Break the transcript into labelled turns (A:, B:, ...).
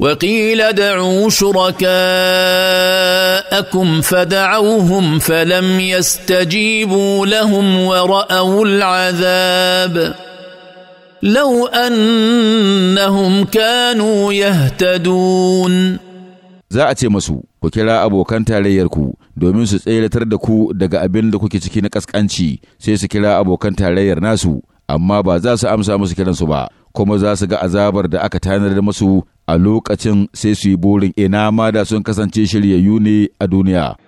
A: وقيل ادعوا شركاءكم فدعوهم فلم يستجيبوا لهم وراوا العذاب لو انهم كانوا
B: يهتدون za a ce masu ku kira abokan tarayyarku domin su tseratar da ku daga abin da kuke ciki na kaskanci sai su kira abokan tarayyar nasu amma ba za su amsa musu kiransu ba kuma za su ga azabar da aka tanar da masu a lokacin sai su yi burin ina ma da sun kasance shiryayyu ne a duniya.